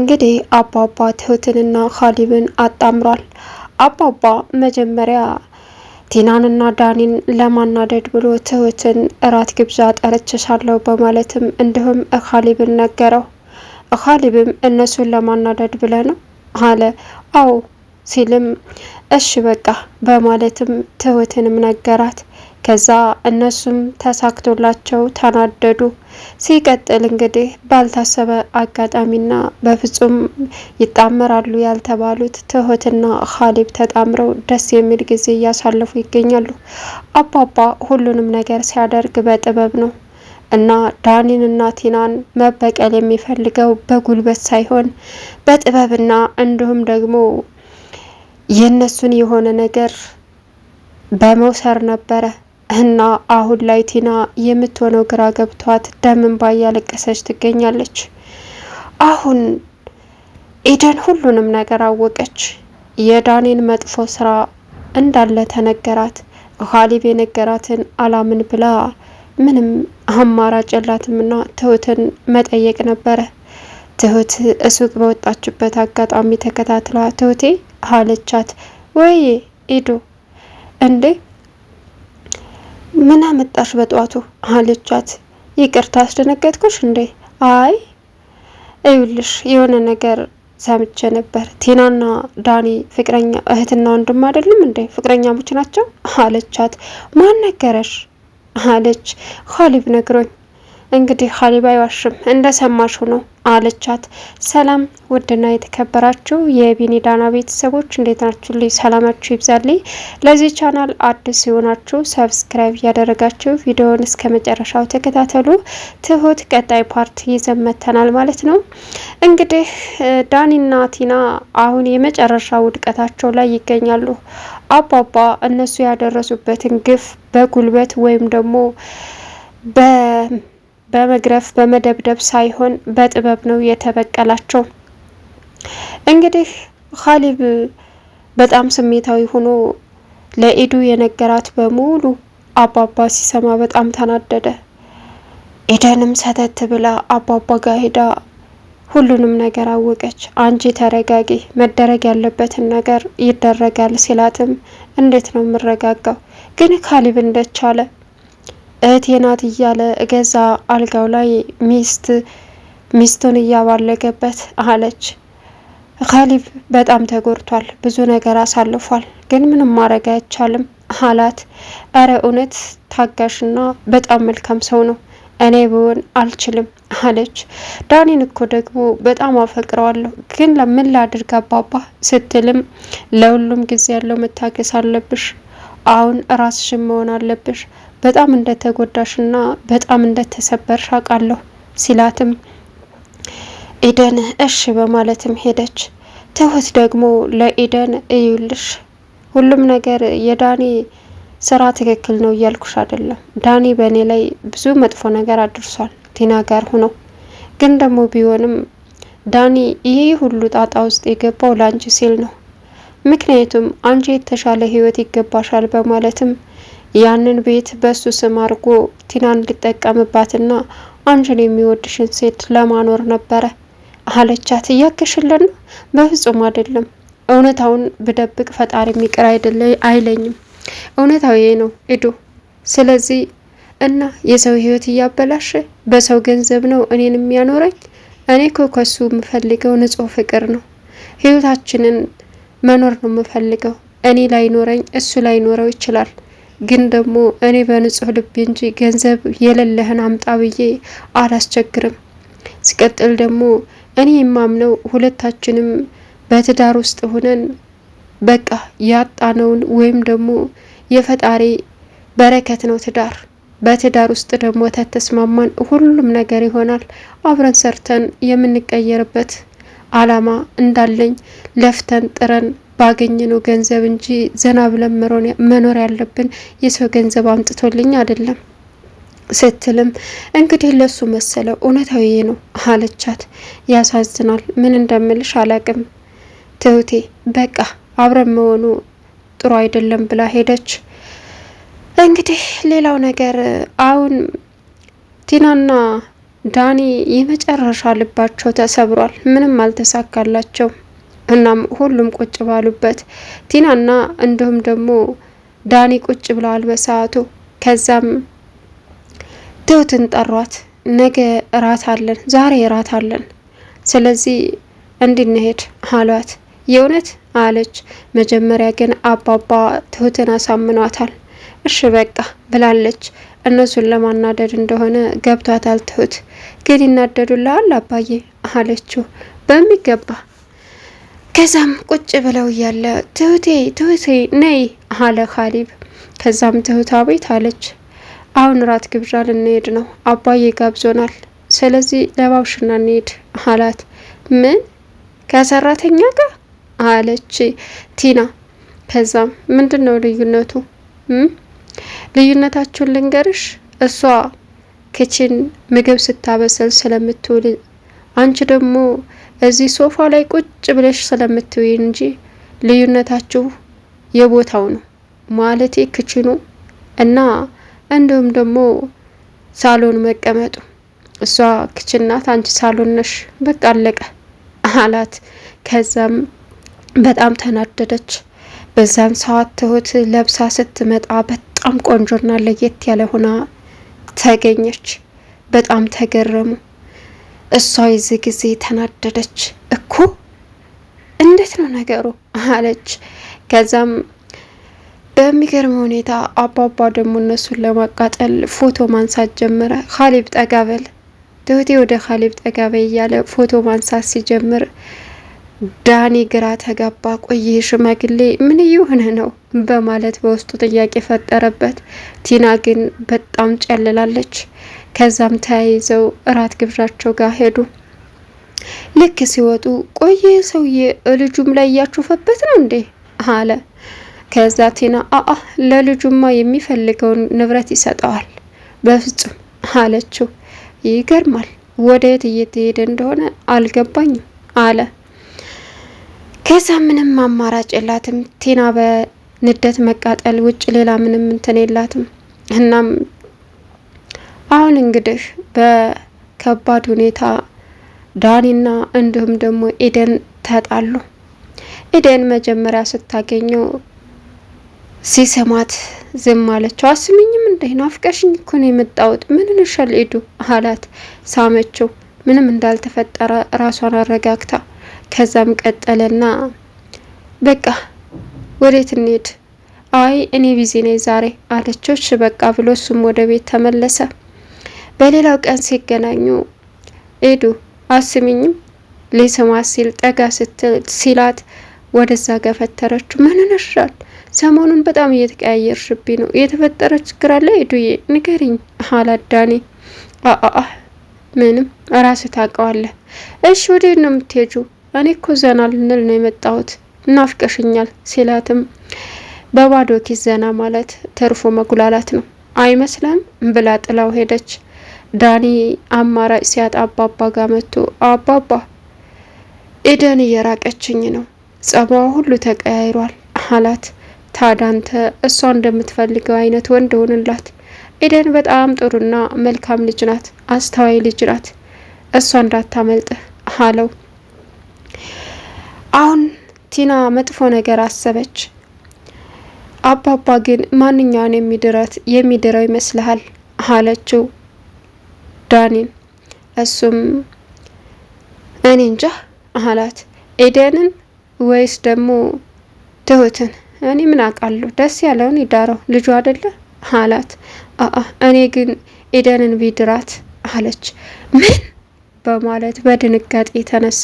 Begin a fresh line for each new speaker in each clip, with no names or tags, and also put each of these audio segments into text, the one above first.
እንግዲህ አባባ ትሁትንና ካሊብን አጣምሯል። አባባ መጀመሪያ ቲናንና ዳኒን ለማናደድ ብሎ ትሁትን እራት ግብዣ ጠርቼሻለሁ በማለትም እንዲሁም ካሊብን ነገረው። ካሊብም እነሱን ለማናደድ ብለህ ነው አለ። አዎ ሲልም እሺ በቃ በማለትም ትሁትንም ነገራት። ከዛ እነሱም ተሳክቶላቸው ተናደዱ። ሲቀጥል እንግዲህ ባልታሰበ አጋጣሚና በፍጹም ይጣመራሉ ያልተባሉት ትሁትና ኻሊብ ተጣምረው ደስ የሚል ጊዜ እያሳለፉ ይገኛሉ። አባባ ሁሉንም ነገር ሲያደርግ በጥበብ ነው እና ዳኒንና ቲናን መበቀል የሚፈልገው በጉልበት ሳይሆን በጥበብና እንዲሁም ደግሞ የእነሱን የሆነ ነገር በመውሰር ነበረ እና አሁን ላይ ቲና የምትሆነው ግራ ገብቷት ደምን እንባ እያለቀሰች ትገኛለች። አሁን ኤደን ሁሉንም ነገር አወቀች። የዳኔን መጥፎ ስራ እንዳለ ተነገራት። ኻሊብ የነገራትን አላምን ብላ ምንም አማራጭ የላትምና ትሁትን መጠየቅ ነበረ። ትሁት እሱቅ በወጣችበት አጋጣሚ ተከታትላ ትሁቴ አለቻት። ወይ ኢዱ እንዴ ምን አመጣሽ በጠዋቱ አለቻት። ይቅርታ አስደነገጥኩሽ እንዴ? አይ እዩልሽ የሆነ ነገር ሰምቼ ነበር። ቲናና ዳኒ ፍቅረኛ እህትና ወንድም አይደለም እንዴ? ፍቅረኛሞች ናቸው አለቻት። ማን ነገረሽ አለች። ኻሊብ ነግሮኝ እንግዲህ ሀሊባ አይዋሽም እንደሰማሽው ነው አለቻት። ሰላም ውድና የተከበራችሁ የቢኒ ዳና ቤተሰቦች እንዴት ናችሁ? ልዩ ሰላማችሁ ይብዛልኝ። ለዚህ ቻናል አዲስ የሆናችሁ ሰብስክራይብ እያደረጋችሁ ቪዲዮውን እስከ መጨረሻው ተከታተሉ። ትሁት ቀጣይ ፓርት ይዘን መጥተናል ማለት ነው። እንግዲህ ዳኒና ቲና አሁን የመጨረሻ ውድቀታቸው ላይ ይገኛሉ። አባባ እነሱ ያደረሱበትን ግፍ በጉልበት ወይም ደግሞ በ በመግረፍ በመደብደብ ሳይሆን በጥበብ ነው የተበቀላቸው። እንግዲህ ኻሊብ በጣም ስሜታዊ ሆኖ ለኢዱ የነገራት በሙሉ አባባ ሲሰማ በጣም ተናደደ። ኢደንም ሰተት ብላ አባባ ጋር ሄዳ ሁሉንም ነገር አወቀች። አንቺ ተረጋጊ፣ መደረግ ያለበትን ነገር ይደረጋል ሲላትም እንዴት ነው የምረጋጋው? ግን ካሊብ እንደቻለ እህቴ ናት እያለ እገዛ አልጋው ላይ ሚስት ሚስቱን እያባለገበት አለች። ካሊብ በጣም ተጎድቷል። ብዙ ነገር አሳልፏል፣ ግን ምንም ማድረግ አይቻልም አላት። እረ እውነት ታጋሽና በጣም መልካም ሰው ነው። እኔ ብሆን አልችልም አለች። ዳኒን እኮ ደግሞ በጣም አፈቅረዋለሁ፣ ግን ለምን ላድርግ አባባ ስትልም ለሁሉም ጊዜ ያለው መታገስ አለብሽ። አሁን ራስሽን መሆን አለብሽ። በጣም እንደተጎዳሽና በጣም እንደተሰበርሽ አውቃለሁ ሲላትም ኢደን እሺ በማለትም ሄደች። ትሁት ደግሞ ለኢደን እዩልሽ፣ ሁሉም ነገር የዳኒ ስራ ትክክል ነው እያልኩሽ አይደለም። ዳኒ በእኔ ላይ ብዙ መጥፎ ነገር አድርሷል ቲና ጋር ሁነው ግን ደግሞ ቢሆንም ዳኒ ይህ ሁሉ ጣጣ ውስጥ የገባው ለአንቺ ሲል ነው። ምክንያቱም አንቺ የተሻለ ህይወት ይገባሻል በማለትም ያንን ቤት በሱ ስም አድርጎ ቲናን ሊጠቀምባትና አንቺን የሚወድሽን ሴት ለማኖር ነበረ አለቻት። እያከሽልን በፍጹም አይደለም። እውነታውን ብደብቅ ፈጣሪ የሚቅር አይደለ አይለኝም። እውነታው ይሄ ነው እዱ። ስለዚህ እና የሰው ህይወት እያበላሸ በሰው ገንዘብ ነው እኔን የሚያኖረኝ። እኔ እኮ ከሱ የምፈልገው ንጹህ ፍቅር ነው። ህይወታችንን መኖር ነው የምፈልገው። እኔ ላይኖረኝ እሱ ላይኖረው ይችላል። ግን ደግሞ እኔ በንጹህ ልቤ እንጂ ገንዘብ የሌለህን አምጣ ብዬ አላስቸግርም። ሲቀጥል ደግሞ እኔ የማምነው ሁለታችንም በትዳር ውስጥ ሆነን በቃ ያጣነውን ወይም ደግሞ የፈጣሪ በረከት ነው ትዳር። በትዳር ውስጥ ደግሞ ተተስማማን ሁሉም ነገር ይሆናል። አብረን ሰርተን የምንቀየርበት አላማ እንዳለኝ ለፍተን ጥረን ባገኘነው ገንዘብ እንጂ ዘና ብለን መኖር ያለብን የሰው ገንዘብ አምጥቶልኝ አይደለም ስትልም እንግዲህ ለሱ መሰለው እውነታዊ ነው አለቻት። ያሳዝናል። ምን እንደምልሽ አላቅም ትሁቴ፣ በቃ አብረን መሆኑ ጥሩ አይደለም ብላ ሄደች። እንግዲህ ሌላው ነገር አሁን ቲናና ዳኒ የመጨረሻ ልባቸው ተሰብሯል። ምንም አልተሳካላቸው። እናም ሁሉም ቁጭ ባሉበት ቲናና እንዲሁም ደግሞ ዳኒ ቁጭ ብለዋል በሰዓቱ። ከዛም ትሁትን ጠሯት። ነገ እራት አለን፣ ዛሬ እራት አለን፣ ስለዚህ እንድንሄድ አሏት። የእውነት አለች። መጀመሪያ ግን አባባ ትሁትን አሳምኗታል። እሺ በቃ ብላለች። እነሱን ለማናደድ እንደሆነ ገብቷታል። ትሁት ግን ይናደዱላል አባዬ አለችው። በሚገባ ከዛም ቁጭ ብለው እያለ ትሁቴ ትሁቴ ነይ አለ ካሊብ። ከዛም ትሁታ ቤት አለች። አሁን ራት ግብዣ ልንሄድ ነው፣ አባዬ ጋብዞናል። ስለዚህ ለባብሽና እንሄድ አላት። ምን ከሰራተኛ ጋር አለች ቲና። ከዛም ምንድን ነው ልዩነቱ? ልዩነታችሁን ልንገርሽ፣ እሷ ክችን ምግብ ስታበሰል ስለምትውል አንቺ ደግሞ እዚህ ሶፋ ላይ ቁጭ ብለሽ ስለምትውይ እንጂ ልዩነታችሁ የቦታው ነው ማለቴ ክችኑ እና እንዲሁም ደግሞ ሳሎን መቀመጡ። እሷ ክችን ናት፣ አንቺ ሳሎን ነሽ። በቃ አለቀ አላት። ከዛም በጣም ተናደደች። በዛን ሰዓት ትሁት ለብሳ ስትመጣ በጣም ቆንጆና ለየት ያለ ሆና ተገኘች። በጣም ተገረሙ። እሷ የዚህ ጊዜ ተናደደች። እኮ እንዴት ነው ነገሩ አለች። ከዛም በሚገርም ሁኔታ አባባ ደግሞ እነሱን ለማቃጠል ፎቶ ማንሳት ጀመረ። ካሊብ ጠጋበል ትሁቴ ወደ ካሊብ ጠጋበይ እያለ ፎቶ ማንሳት ሲጀምር ዳኒ ግራ ተጋባ። ቆይ ሽማግሌ ምን እየሆነ ነው በማለት በውስጡ ጥያቄ ፈጠረበት። ቲና ግን በጣም ጨልላለች። ከዛም ተያይዘው እራት ግብዣቸው ጋር ሄዱ። ልክ ሲወጡ ቆየ ሰውዬ ልጁም ላይ እያቾፈበት ነው እንዴ አለ። ከዛ ቲና አአ ለልጁማ የሚፈልገውን ንብረት ይሰጠዋል በፍጹም አለችው። ይገርማል ወደ የት እየተሄደ እንደሆነ አልገባኝም አለ። ከዛ ምንም አማራጭ የላትም ቲና በንደት መቃጠል ውጭ ሌላ ምንም እንትን የላትም። እናም አሁን እንግዲህ በከባድ ሁኔታ ዳኒና እንዲሁም ደግሞ ኢደን ተጣሉ። ኢደን መጀመሪያ ስታገኘው ሲሰማት ዝም አለችው። አስሚኝም እንዴ ናፍቀሽኝ እኮ ነው የመጣሁት፣ ምን ልሻል ኢዱ አላት። ሳመችው። ምንም እንዳልተፈጠረ ራሷን አረጋግታ ከዛም ቀጠለና በቃ ወዴት እንሄድ? አይ እኔ ቢዚ ነኝ ዛሬ አለችው። እሺ በቃ ብሎ እሱም ወደ ቤት ተመለሰ። በሌላው ቀን ሲገናኙ ኤዱ አስሚኝም ሊስማ ሲል ጠጋ ሲላት ወደዛ ገፈተረችው። ምን ነሻል? ሰሞኑን በጣም እየተቀያየርሽብኝ ነው። የተፈጠረ ችግር አለ ኤዱዬ? ንገሪኝ አላዳኔ አአ ምንም ራስ ታውቀዋለህ። እሺ ወዴት ነው የምትሄጁ? እኔ እኮ ዘና ልንል ነው የመጣሁት እናፍቀሽኛል ሲላትም በባዶ ኪስ ዘና ማለት ተርፎ መጉላላት ነው አይመስልም ብላ ጥላው ሄደች። ዳኒ አማራጭ ሲያጣ አባባ ጋር መጥቶ አባባ ኤደን እየራቀችኝ ነው፣ ጸባዋ ሁሉ ተቀያይሯል አላት። ታዳንተ እሷ እንደምትፈልገው አይነት ወንድ ሆንላት። ኤደን በጣም ጥሩና መልካም ልጅ ናት፣ አስተዋይ ልጅ ናት። እሷ እንዳታመልጥህ አለው። አሁን ቲና መጥፎ ነገር አሰበች። አባባ ግን ማንኛውን የሚድረት የሚድረው ይመስልሃል አለችው። ዳኒን። እሱም እኔ እንጃ አላት። ኤደንን ወይስ ደግሞ ትሁትን? እኔ ምን አውቃለሁ፣ ደስ ያለውን ይዳረው ልጁ አይደለ አላት። አአ እኔ ግን ኤደንን ቢድራት አለች። ምን በማለት በድንጋጤ የተነሳ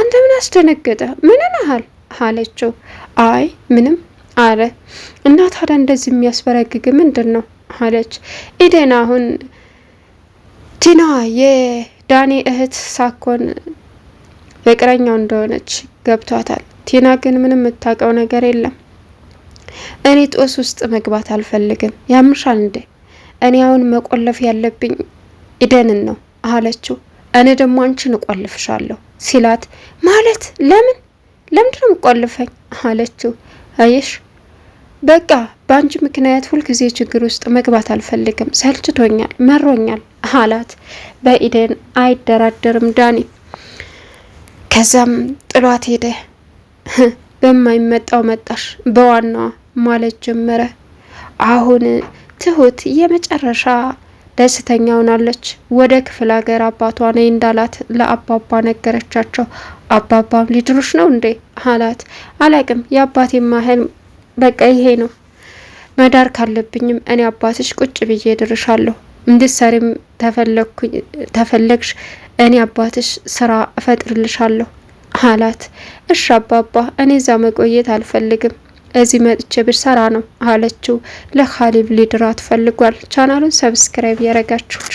አንተ ምን አስደነገጠ? ምንን አህል አለችው። አይ ምንም አለ እና ታዲያ እንደዚህ የሚያስበረግግ ምንድን ነው አለች ኤደን አሁን ቲና የዳኒ እህት ሳኮን ፍቅረኛው እንደሆነች ገብቷታል። ቲና ግን ምንም የምታውቀው ነገር የለም። እኔ ጦስ ውስጥ መግባት አልፈልግም። ያምሻል እንዴ? እኔ አሁን መቆለፍ ያለብኝ ኢደንን ነው አለችው። እኔ ደግሞ አንቺን እቆልፍሻለሁ ሲላት፣ ማለት ለምን ለምንድነው ቆልፈኝ አለችው። አየሽ በቃ በአንቺ ምክንያት ሁልጊዜ ችግር ውስጥ መግባት አልፈልግም፣ ሰልችቶኛል፣ መሮኛል አላት። በኢደን አይደራደርም ዳኒ። ከዛም ጥሏት ሄደ። በማይመጣው መጣሽ በዋናዋ ማለት ጀመረ። አሁን ትሁት የመጨረሻ ደስተኛ ሆናለች። ወደ ክፍለ ሀገር አባቷ ነይ እንዳላት ለአባባ ነገረቻቸው። አባባም ሊድሩሽ ነው እንዴ አላት። አላቅም የአባቴ ማህል በቃ ይሄ ነው መዳር ካለብኝም እኔ አባትሽ ቁጭ ብዬ ድርሻለሁ። እንድትሰሪም ተፈለግሽ እኔ አባትሽ ስራ እፈጥርልሻለሁ አላት። እሺ አባባ፣ እኔ እዛ መቆየት አልፈልግም እዚህ መጥቼ ብሰራ ነው አለችው። ለካሊብ ሊድራት ፈልጓል። ቻናሉን ሰብስክራይብ ያረጋችሁ